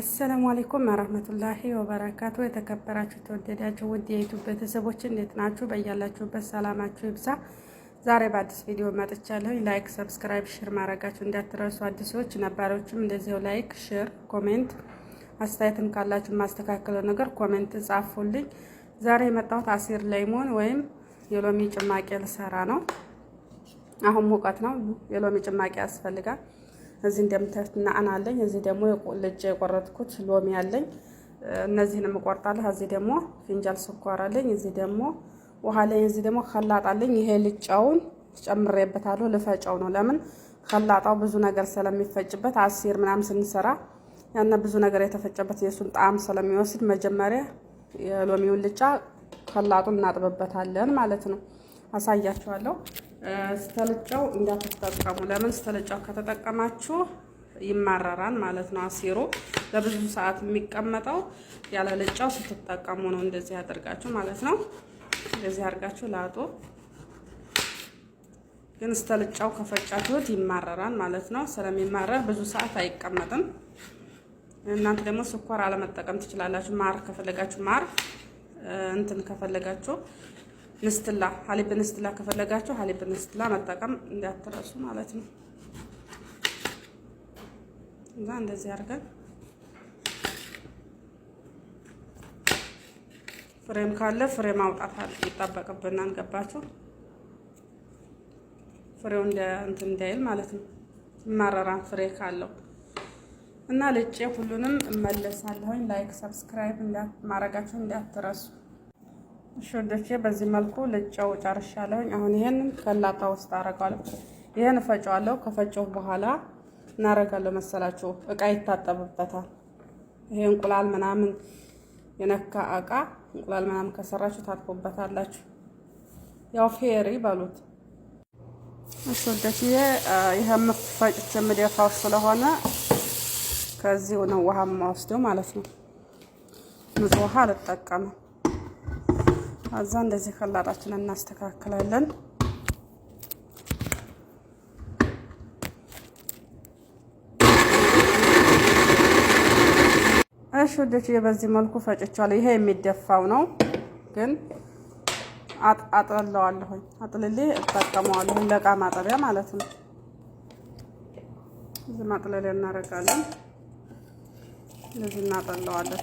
አሰላሙ አሌይኩም ወረህመቱላሂ ወበረካቱ። የተከበራችሁ የተወደዳችሁ ውድ የዩቱብ ቤተሰቦች እንዴት ናችሁ? በያላችሁበት ሰላማችሁ ይብዛ። ዛሬ በአዲስ ቪዲዮ መጥቻለሁ። ላይክ፣ ሰብስክራይብ፣ ሽር ማድረጋችሁ እንዳትረሱ። አዲሶች ነባሮችም እንደዚያው ላይክ፣ ሽር፣ ኮሜንት አስተያየትም ካላችሁ የማስተካከለው ነገር ኮሜንት ጻፉልኝ። ዛሬ የመጣሁት አሲር ላይሞን ወይም የሎሚ ጭማቂ ልሰራ ነው። አሁን ሙቀት ነው። የሎሚ ጭማቂ ያስፈልጋል። እዚህ እንደምታዩት ናዕና አለኝ። እዚህ ደግሞ ልጅ የቆረጥኩት ሎሚ አለኝ። እነዚህን እቆርጣለሁ። እዚህ ደግሞ ፊንጃል ስኳር አለኝ። እዚህ ደግሞ ውሃ አለኝ። እዚህ ደግሞ ከላጣ አለኝ። ይሄ ልጫውን ጨምሬበታለሁ። ልፈጫው ነው። ለምን ከላጣው ብዙ ነገር ስለሚፈጭበት አሲር ምናምን ስንሰራ ያነ ብዙ ነገር የተፈጨበት የእሱን ጣዕም ስለሚወስድ መጀመሪያ የሎሚውን ልጫ ከላጡን እናጥብበታለን ማለት ነው። አሳያችኋለሁ። ስተልጫው እንዳትጠቀሙ። ለምን ስተልጫው ከተጠቀማችሁ ይማረራል ማለት ነው። አሲሩ ለብዙ ሰዓት የሚቀመጠው ያለ ልጫው ስትጠቀሙ ነው። እንደዚህ አድርጋችሁ ማለት ነው። እንደዚህ አድርጋችሁ ላጡ። ግን ስተልጫው ከፈጫችሁት ይማረራል ማለት ነው። ስለሚማረር ብዙ ሰዓት አይቀመጥም። እናንተ ደግሞ ስኳር አለመጠቀም ትችላላችሁ። ማር ከፈለጋችሁ ማር እንትን ከፈለጋችሁ ንስትላ ሀሊብ ንስትላ ከፈለጋችሁ ሀሊብ ንስትላ መጠቀም እንዳትረሱ ማለት ነው። እዛ እንደዚህ አድርገን ፍሬም ካለ ፍሬ ማውጣት ይጠበቅብናል። ገባችሁ? ፍሬው እንትን እንዳይል ማለት ነው። ማረራ ፍሬ ካለው እና ልጬ ሁሉንም እመለሳለሁኝ። ላይክ ሰብስክራይብ ማድረጋችሁ እንዳትረሱ። ሹዶቼ በዚህ መልኩ ልጨው ጨርሻለሁኝ። አሁን ይሄን ከላታ ውስጥ አረጋለሁ። ይሄን እፈጨዋለሁ። ከፈጨው በኋላ እናረጋለሁ መሰላችሁ፣ እቃ ይታጠብበታል። ይሄ እንቁላል ምናምን የነካ እቃ እንቁላል ምናምን ከሰራችሁ ታጥቦበታላችሁ። ያው ፌሪ በሉት እሺ። ወደዚህ ይሄ የምፈጭት የምደፋው ስለሆነ ከዚህ ነው ውሃ የማወስደው ማለት ነው። ንጹህ ውሃ አልጠቀምም። አዛ እንደዚህ ከላጣችን እናስተካክላለን። እሺ ወደች በዚህ መልኩ ፈጭቻለሁ። ይሄ የሚደፋው ነው ግን አጥለለዋለሁኝ አጥልሌ እጠቀመዋለሁኝ ለእቃ ማጠቢያ ማለት ነው። እዚህ ማጥለል እናደርጋለን። እንደዚህ እናጠለዋለን።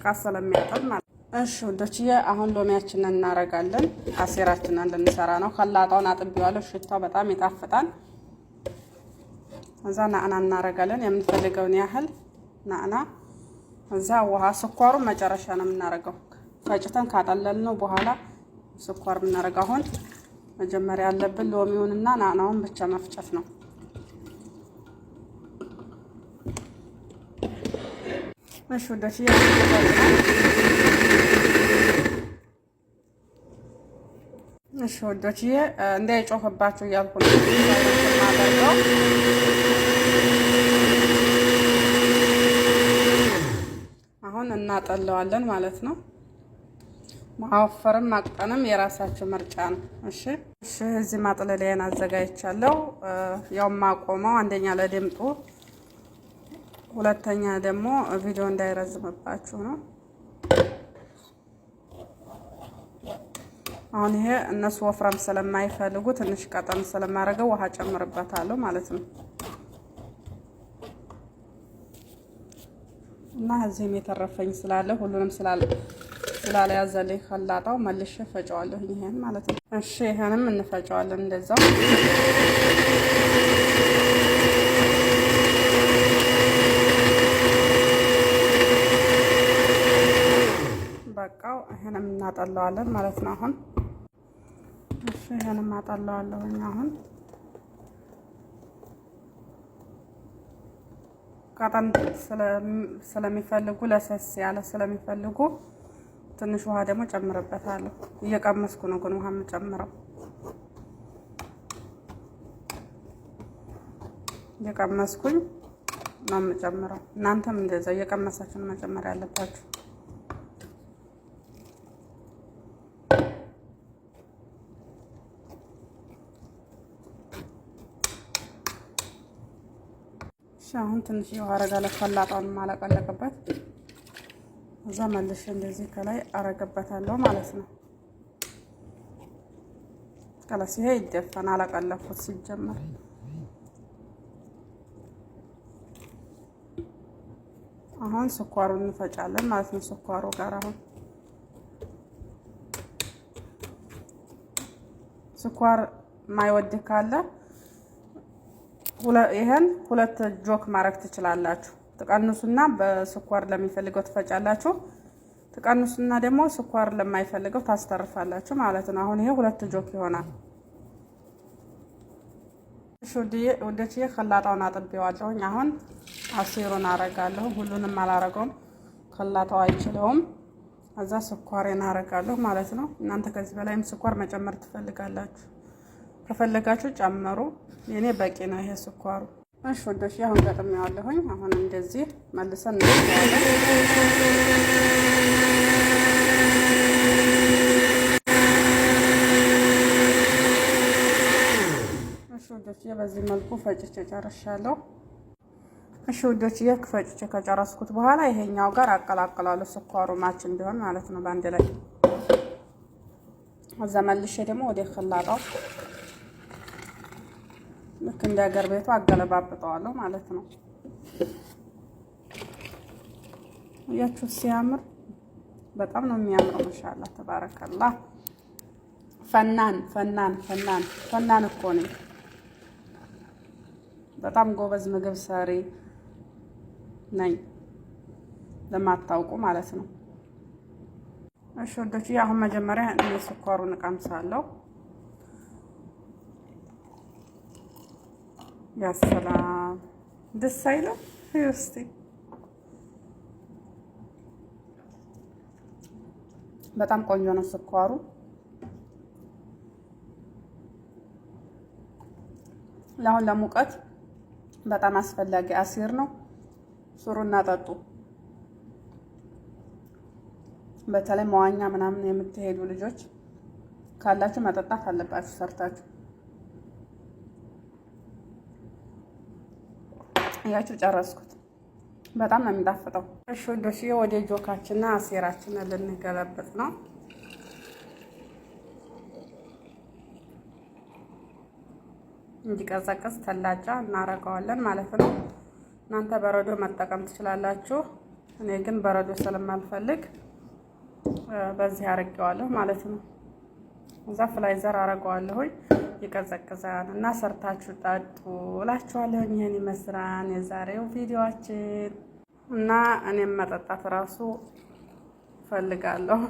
እቃ ስለሚያጠብ ማለት እሺ ውዶችዬ፣ አሁን ሎሚያችንን እናረጋለን። አሴራችንን ልንሰራ ነው። ከላጣውን አጥቢዋለሁ። ሽታው በጣም ይጣፍጣል። እዛ ናዕና እናረጋለን፣ የምንፈልገውን ያህል ናዕና። እዛ ውሃ፣ ስኳሩን መጨረሻ ነው የምናረገው። ፈጭተን ነው በኋላ ስኳር የምናረገው አሁን መጀመሪያ ያለብን ሎሚውንና ናዕናውን ብቻ መፍጨት ነው። እሺ ወዳች እሺ ወዳች እንዳይጮህባችሁ እያልኩ አሁን እናጠለዋለን ማለት ነው። ማወፈርም ማቅጠንም የራሳችሁ ምርጫ ነው። እሺ እሺ እዚህ ማጥለሊያን አዘጋጅቻለሁ። ያው ማቆመው አንደኛ ለድምጡ ሁለተኛ ደግሞ ቪዲዮ እንዳይረዝምባችሁ ነው። አሁን ይሄ እነሱ ወፍራም ስለማይፈልጉ ትንሽ ቀጠን ስለማደርገው ውሃ ጨምርበታለሁ ማለት ነው። እና እዚህም የተረፈኝ ስላለ ሁሉንም ያዘልኝ ከላጣው መልሼ ፈጨዋለሁ ይሄን ማለት ነው። እሺ ይሄንም እንፈጨዋለን እንደዛው በቃው ይሄንም እናጠለዋለን ማለት ነው። አሁን እሺ፣ ይሄንም አጠለዋለሁኝ አሁን ቀጠን ስለሚፈልጉ ለሰስ ያለ ስለሚፈልጉ ትንሽ ውሃ ደግሞ ጨምርበታለሁ። እየቀመስኩ ነው ግን ውሃ የምጨምረው እየቀመስኩኝ ነው የምጨምረው። እናንተም እንደዛው እየቀመሳችሁ መጨመር ያለባችሁ። አሁን ትንሽ የውሃ አረጋለሁ። ፈላጣውን ማለቀለቅበት እዛ መልሼ እንደዚህ ከላይ አረገበታለሁ ማለት ነው። ቀለስ ይሄ ይደፈን አለቀለኩት ሲጀመር አሁን ስኳሩን እንፈጫለን ማለት ነው። ስኳሩ ጋር አሁን ስኳር ማይወድ ካለ ይህን ሁለት ጆክ ማድረግ ትችላላችሁ። ትቀንሱና በስኳር ለሚፈልገው ትፈጫላችሁ። ትቀንሱና ደግሞ ስኳር ለማይፈልገው ታስተርፋላችሁ ማለት ነው። አሁን ይሄ ሁለት ጆክ ይሆናል። ወደች ከላጣውን አጥቤዋለሁኝ። አሁን አሲሩን አረጋለሁ። ሁሉንም አላረገውም፣ ከላጣው አይችለውም። እዛ ስኳሬን አረጋለሁ ማለት ነው። እናንተ ከዚህ በላይም ስኳር መጨመር ትፈልጋላችሁ ከፈለጋችሁ ጨምሩ። የኔ በቂ ነው ይሄ ስኳሩ። እሺ ወዶሽ አሁን ገጥሜዋለሁኝ። አሁን እንደዚህ መልሰን ወዶች በዚህ መልኩ ፈጭቼ ጨርሻለሁ። እሺ ውዶች ፈጭቼ ከጨረስኩት በኋላ ይሄኛው ጋር አቀላቅላለሁ። ስኳሩ ማች እንዲሆን ማለት ነው በአንድ ላይ እዛ መልሼ ደግሞ ወደ ክላጣው ልክ እንደ ሀገር ቤቱ አገለባብጠዋለሁ ማለት ነው። እያችሁ ሲያምር በጣም ነው የሚያምረው። ማሻአላ ተባረከላ። ፈናን ፈናን ፈናን ፈናን እኮ ነኝ። በጣም ጎበዝ ምግብ ሰሪ ነኝ ለማታውቁ ማለት ነው። እሺ ወዶች፣ አሁን መጀመሪያ እኔ ስኳሩን እቀምሳለሁ። ያሰላም ደስ አይለው እስቲ በጣም ቆንጆ ነው ስኳሩ። ለአሁን ለሙቀት በጣም አስፈላጊ አሲር ነው። ስሩና ጠጡ። በተለይ መዋኛ ምናምን የምትሄዱ ልጆች ካላችሁ መጠጣት አለባችሁ ሰርታችሁ አያችሁ ጨረስኩት። በጣም ነው የሚጣፍጠው። እሺ ወዶሽ ወደ ጆካችንና አሴራችንን ልንገለብጥ ነው። እንዲቀዘቅዝ ተላጫ እናረገዋለን ማለት ነው። እናንተ በረዶ መጠቀም ትችላላችሁ። እኔ ግን በረዶ ስለማልፈልግ በዚህ አርጌዋለሁ ማለት ነው። እዛ ፍላይዘር አረገዋለሁኝ። ይቀዘቅዛል እና ሰርታችሁ ጠጡ እላችኋለሁ። ይህን ይመስላል የዛሬው ቪዲዮችን እና እኔም መጠጣት እራሱ ፈልጋለሁ።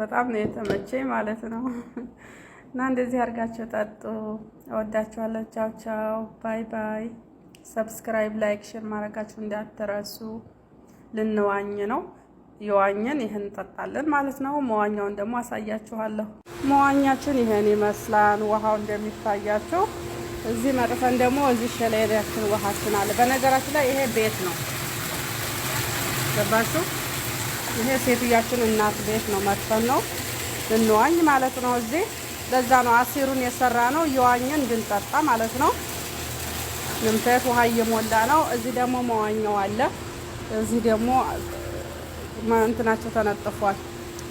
በጣም ነው የተመቸኝ ማለት ነው። እና እንደዚህ አድርጋችሁ ጠጡ። እወዳችኋለሁ። ቻው ቻው፣ ባይ ባይ። ሰብስክራይብ፣ ላይክ፣ ሼር ማድረጋችሁ እንዳትረሱ። ልንዋኝ ነው። የዋኘን ይህን እንጠጣለን ማለት ነው። መዋኛውን ደግሞ አሳያችኋለሁ። መዋኛችን ይሄን ይመስላል። ውሃው እንደሚታያቸው እዚህ መጥፈን ደግሞ እዚህ ሸለሌያችን ውሃችን አለ። በነገራችን ላይ ይሄ ቤት ነው ገባችሁ? ይሄ ሴትያችን እናት ቤት ነው። መጥፈን ነው እንዋኝ ማለት ነው። እዚህ ለዛ ነው አሲሩን የሰራ ነው የዋኝን እንድንጠጣ ማለት ነው። ንምታየት ውሃ እየሞላ ነው። እዚህ ደግሞ መዋኛው አለ። እዚህ ደግሞ እንትናቸው ተነጥፏል።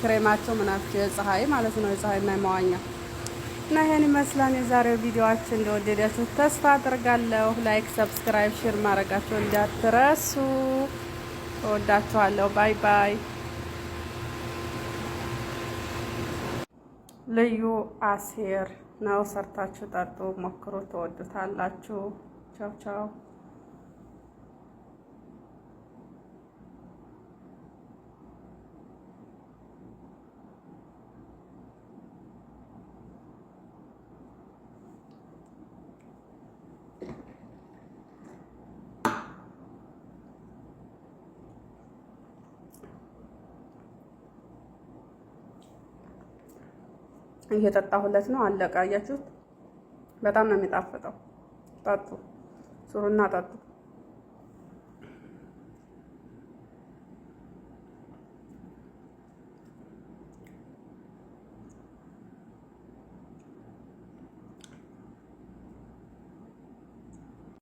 ክሬማቸው ምናቸው የፀሐይ ማለት ነው የፀሐይና የመዋኛ እና ይህን ይመስላል የዛሬው ቪዲዮዎች እንደወደዳችሁ ተስፋ አድርጋለሁ። ላይክ፣ ሰብስክራይብ፣ ሼር ማድረጋቸው እንዳትረሱ። እወዳችኋለሁ። ባይ ባይ። ልዩ አሴር ነው። ሰርታችሁ ጠጡ፣ ሞክሩ፣ ትወዱታላችሁ። ቻው ቻው። እየጠጣሁለት ነው። አለቀ። አያችሁት? በጣም ነው የሚጣፍጠው። ጠጡ፣ ስሩና ጠጡ።